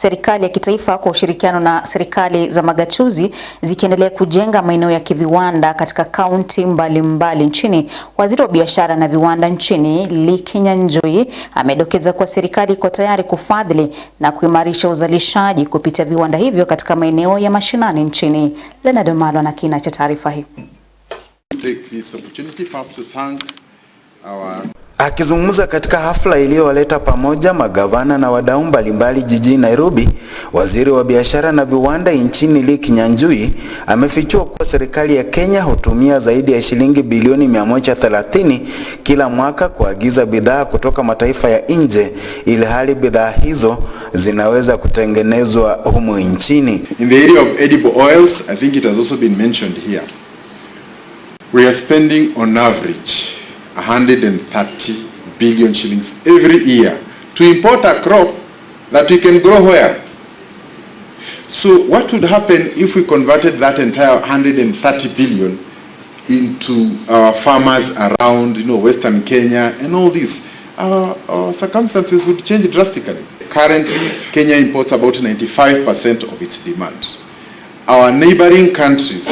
serikali ya kitaifa kwa ushirikiano na serikali za magatuzi zikiendelea kujenga maeneo ya kiviwanda katika kaunti mbalimbali nchini. Waziri wa biashara na viwanda nchini Likinya Njui amedokeza kuwa serikali iko tayari kufadhili na kuimarisha uzalishaji kupitia viwanda hivyo katika maeneo ya mashinani nchini. Leonard Omalo na kina cha taarifa hii. Akizungumza katika hafla iliyowaleta pamoja magavana na wadau mbalimbali jijini Nairobi, waziri wa biashara na viwanda nchini Lee Kinyanjui amefichua kuwa serikali ya Kenya hutumia zaidi ya shilingi bilioni 130 kila mwaka kuagiza bidhaa kutoka mataifa ya nje, ili hali bidhaa hizo zinaweza kutengenezwa humu nchini. In the area of edible oils, I think it has also been mentioned here. We are spending on average 130 billion shillings every year to import a crop that we can grow where? So what would happen if we converted that entire 130 billion into our uh, farmers around, you know, Western Kenya and all these? Our, our circumstances would change drastically. Currently, Kenya imports about 95% of its demand. Our neighboring countries,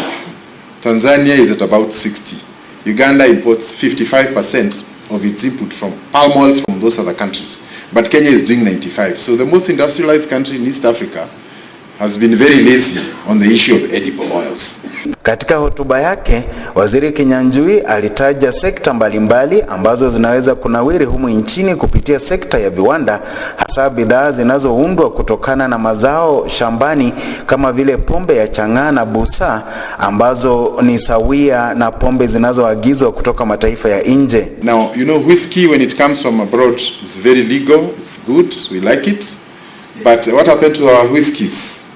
Tanzania is at about 60 Uganda imports 55% of its input from palm oil from those other countries. But Kenya is doing 95. So the most industrialized country in East Africa has been very lazy on the issue of edible oils. Katika hotuba yake, Waziri Kinyanjui alitaja sekta mbalimbali mbali ambazo zinaweza kunawiri humu nchini kupitia sekta ya viwanda, hasa bidhaa zinazoundwa kutokana na mazao shambani kama vile pombe ya chang'aa na busaa ambazo ni sawia na pombe zinazoagizwa kutoka mataifa ya nje. Now, you know, whiskey when it comes from abroad is very legal, it's good, we like it. But what happened to our whiskies?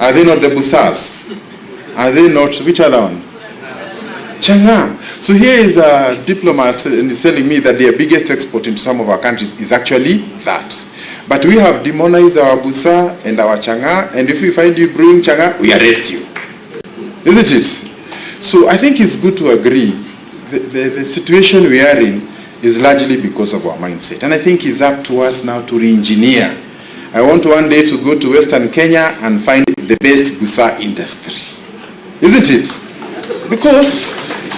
Are they not the Busas? Are they not which other one? Chang'an. So here is a diplomat and he's telling me that their biggest export into some of our countries is actually that. But we have demonized our Busa and our Chang'an, and if we find you brewing Chang'an, we arrest you. Isn't it? So I think it's good to agree. The, the, the situation we are in is largely because of our mindset. And I think it's up to us now to re-engineer. I want one day to go to Western Kenya and find the best busa industry, isn't it? Because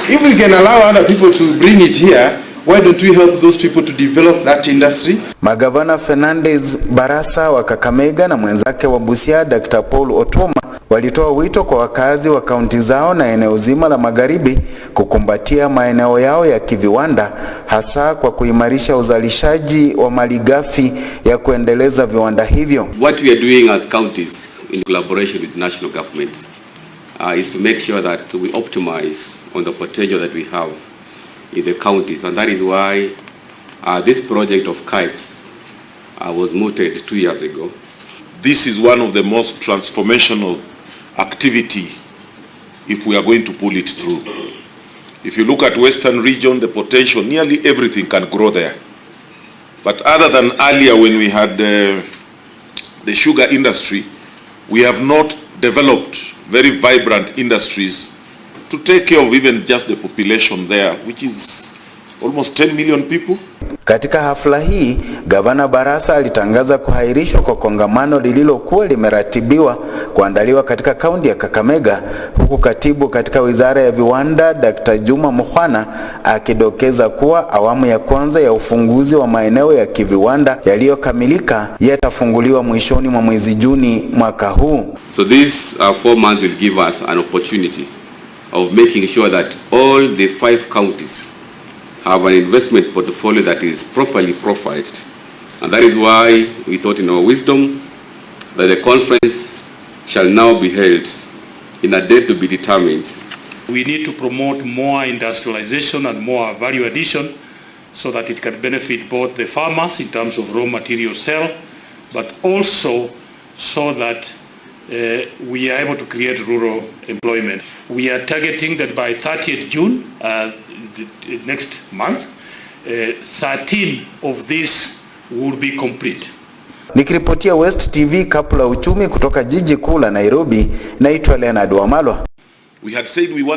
if we can allow other people to bring it here, why don't we help those people to develop that industry? Magavana Fernandez Barasa wa Kakamega na mwenzake wa Busia Dr. Paul Otoma walitoa wito kwa wakazi wa kaunti zao na eneo zima la magharibi kukumbatia maeneo yao ya kiviwanda hasa kwa kuimarisha uzalishaji wa malighafi ya kuendeleza viwanda hivyo. What we are doing as counties in collaboration with national government uh, is to make sure that we optimize on the potential that we have in the counties. And that is why uh, this project of kites uh, was mooted two years ago. This is one of the most transformational activity if we are going to pull it through. If you look at Western region, the potential, nearly everything can grow there. But other than earlier when we had uh, the sugar industry, we have not developed very vibrant industries to take care of even just the population there, which is almost 10 million people. Katika hafla hii, Gavana Barasa alitangaza kuhairishwa kwa kongamano lililokuwa limeratibiwa kuandaliwa katika kaunti ya Kakamega, huku katibu katika Wizara ya Viwanda Dr. Juma Mukhwana akidokeza kuwa awamu ya kwanza ya ufunguzi wa maeneo ya kiviwanda yaliyokamilika yatafunguliwa mwishoni mwa mwezi Juni mwaka huu. So these uh, four months will give us an opportunity of making sure that all the five counties have an investment portfolio that is properly profiled. And that is why we thought in our wisdom that the conference shall now be held in a date to be determined. We need to promote more industrialization and more value addition so that it can benefit both the farmers in terms of raw material sale, but also so that uh, we are able to create rural employment. We are targeting that by 30th June, uh, the, the uh, next month. Uh, 13 of these will be complete. Nikiripotia West TV kapula uchumi kutoka jiji kuu la Nairobi, naitwa Leonard Wamalwa. We had said we want